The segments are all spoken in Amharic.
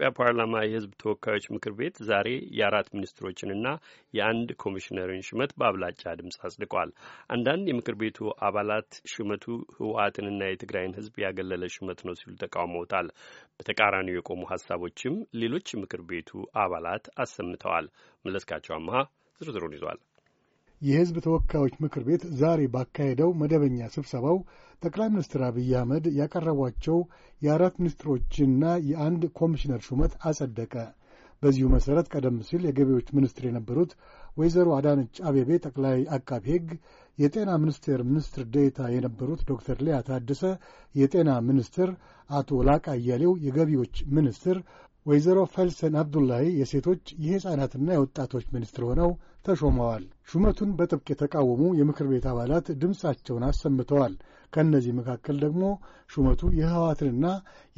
የኢትዮጵያ ፓርላማ የሕዝብ ተወካዮች ምክር ቤት ዛሬ የአራት ሚኒስትሮችንና የአንድ ኮሚሽነርን ሹመት በአብላጫ ድምፅ አጽድቋል። አንዳንድ የምክር ቤቱ አባላት ሹመቱ ህወሓትንና የትግራይን ሕዝብ ያገለለ ሹመት ነው ሲሉ ተቃውመውታል። በተቃራኒው የቆሙ ሀሳቦችም ሌሎች የምክር ቤቱ አባላት አሰምተዋል። መለስካቸው አመሀ ዝርዝሩን ይዟል። የሕዝብ ተወካዮች ምክር ቤት ዛሬ ባካሄደው መደበኛ ስብሰባው ጠቅላይ ሚኒስትር አብይ አህመድ ያቀረቧቸው የአራት ሚኒስትሮችና የአንድ ኮሚሽነር ሹመት አጸደቀ። በዚሁ መሠረት ቀደም ሲል የገቢዎች ሚኒስትር የነበሩት ወይዘሮ አዳነች አቤቤ ጠቅላይ አቃቢ ሕግ፣ የጤና ሚኒስቴር ሚኒስትር ዴታ የነበሩት ዶክተር ሊያ ታደሰ የጤና ሚኒስትር፣ አቶ ላቃ አያሌው የገቢዎች ሚኒስትር፣ ወይዘሮ ፈልሰን አብዱላሂ የሴቶች የሕፃናትና የወጣቶች ሚኒስትር ሆነው ተሾመዋል። ሹመቱን በጥብቅ የተቃወሙ የምክር ቤት አባላት ድምፃቸውን አሰምተዋል። ከእነዚህ መካከል ደግሞ ሹመቱ የህወሓትንና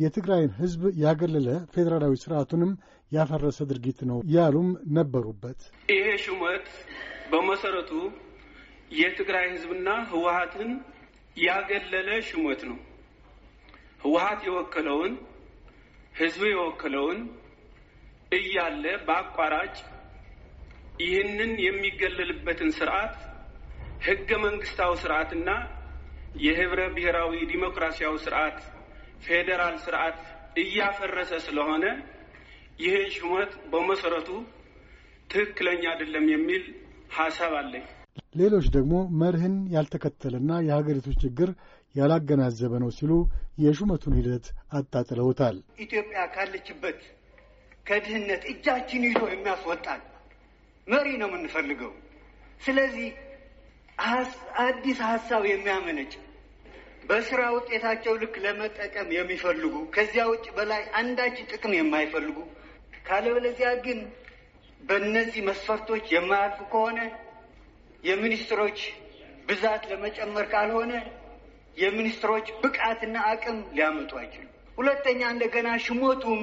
የትግራይን ህዝብ ያገለለ ፌዴራላዊ ስርዓቱንም ያፈረሰ ድርጊት ነው ያሉም ነበሩበት። ይሄ ሹመት በመሰረቱ የትግራይ ህዝብና ህወሓትን ያገለለ ሹመት ነው። ህወሓት የወከለውን ህዝቡ የወከለውን እያለ በአቋራጭ ይህንን የሚገለልበትን ስርዓት ህገ መንግስታዊ ስርዓትና የህብረ ብሔራዊ ዲሞክራሲያዊ ስርዓት ፌዴራል ስርዓት እያፈረሰ ስለሆነ ይህን ሹመት በመሰረቱ ትክክለኛ አይደለም የሚል ሀሳብ አለኝ። ሌሎች ደግሞ መርህን ያልተከተለና የሀገሪቱ ችግር ያላገናዘበ ነው ሲሉ የሹመቱን ሂደት አጣጥለውታል። ኢትዮጵያ ካለችበት ከድህነት እጃችን ይዞ የሚያስወጣን መሪ ነው የምንፈልገው። ስለዚህ አዲስ ሀሳብ የሚያመነጭ በስራ ውጤታቸው ልክ ለመጠቀም የሚፈልጉ ከዚያ ውጭ በላይ አንዳች ጥቅም የማይፈልጉ ካለበለዚያ ግን በእነዚህ መስፈርቶች የማያልፉ ከሆነ የሚኒስትሮች ብዛት ለመጨመር ካልሆነ የሚኒስትሮች ብቃትና አቅም ሊያመጡ አይችሉ ሁለተኛ እንደገና ሽሞቱም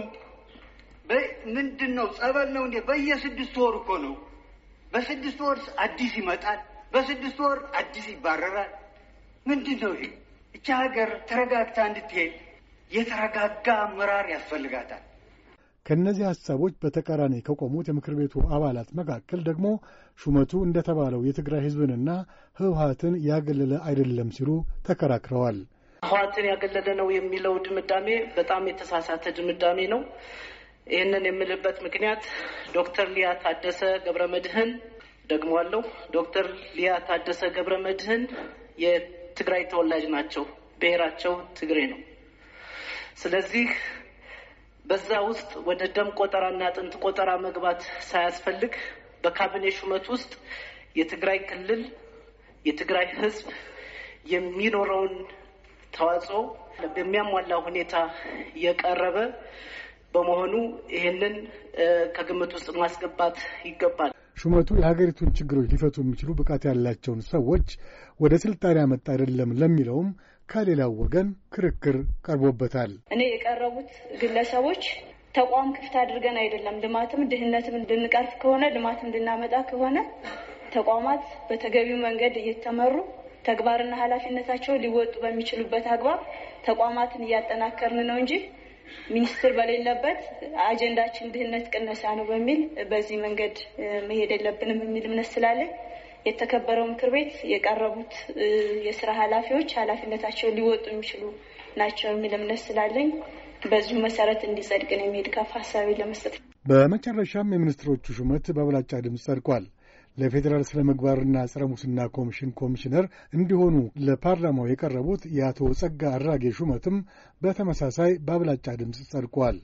ምንድን ነው? ጸበል ነው እንዴ? በየስድስት ወር እኮ ነው። በስድስት ወር አዲስ ይመጣል፣ በስድስት ወር አዲስ ይባረራል። ምንድን ነው ይሄ? እቺ ሀገር ተረጋግታ እንድትሄድ የተረጋጋ አመራር ያስፈልጋታል። ከእነዚህ ሐሳቦች በተቃራኒ ከቆሙት የምክር ቤቱ አባላት መካከል ደግሞ ሹመቱ እንደተባለው የትግራይ ሕዝብንና ህወሀትን ያገለለ አይደለም ሲሉ ተከራክረዋል። ህወሀትን ያገለለ ነው የሚለው ድምዳሜ በጣም የተሳሳተ ድምዳሜ ነው። ይህንን የምልበት ምክንያት ዶክተር ሊያ ታደሰ ገብረ መድህን ደግሞ አለው ዶክተር ሊያ ታደሰ ገብረ መድህን የትግራይ ተወላጅ ናቸው። ብሔራቸው ትግሬ ነው። ስለዚህ በዛ ውስጥ ወደ ደም ቆጠራና አጥንት ቆጠራ መግባት ሳያስፈልግ በካቢኔ ሹመት ውስጥ የትግራይ ክልል የትግራይ ህዝብ የሚኖረውን ተዋጽኦ በሚያሟላ ሁኔታ የቀረበ በመሆኑ ይህንን ከግምት ውስጥ ማስገባት ይገባል። ሹመቱ የሀገሪቱን ችግሮች ሊፈቱ የሚችሉ ብቃት ያላቸውን ሰዎች ወደ ስልጣን ያመጣ አይደለም ለሚለውም ከሌላው ወገን ክርክር ቀርቦበታል። እኔ የቀረቡት ግለሰቦች ተቋም ክፍት አድርገን አይደለም። ልማትም ድህነትም እንድንቀርፍ ከሆነ ልማት እንድናመጣ ከሆነ ተቋማት በተገቢው መንገድ እየተመሩ ተግባርና ኃላፊነታቸው ሊወጡ በሚችሉበት አግባብ ተቋማትን እያጠናከርን ነው እንጂ ሚኒስትር በሌለበት አጀንዳችን ድህነት ቅነሳ ነው በሚል በዚህ መንገድ መሄድ የለብንም የሚል እምነት ስላለ የተከበረው ምክር ቤት የቀረቡት የስራ ኃላፊዎች ኃላፊነታቸውን ሊወጡ የሚችሉ ናቸው የሚል እምነት ስላለኝ በዚሁ መሰረት እንዲጸድቅ ነው የሚሄድ ከፍ ሀሳቢ ለመስጠት። በመጨረሻም የሚኒስትሮቹ ሹመት በአብላጫ ድምፅ ጸድቋል። ለፌዴራል ስነ ምግባርና ጸረ ሙስና ኮሚሽን ኮሚሽነር እንዲሆኑ ለፓርላማው የቀረቡት የአቶ ጸጋ አራጌ ሹመትም በተመሳሳይ በአብላጫ ድምፅ ጸድቋል።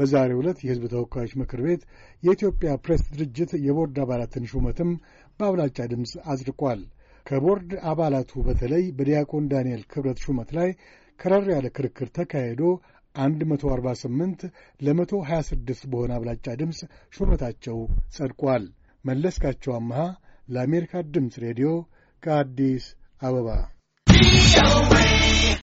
በዛሬ ዕለት የሕዝብ ተወካዮች ምክር ቤት የኢትዮጵያ ፕሬስ ድርጅት የቦርድ አባላትን ሹመትም በአብላጫ ድምፅ አጽድቋል። ከቦርድ አባላቱ በተለይ በዲያቆን ዳንኤል ክብረት ሹመት ላይ ከረር ያለ ክርክር ተካሂዶ 148 ለ126 በሆነ አብላጫ ድምፅ ሹመታቸው ጸድቋል። መለስካቸው አመሃ ለአሜሪካ ድምፅ ሬዲዮ ከአዲስ አበባ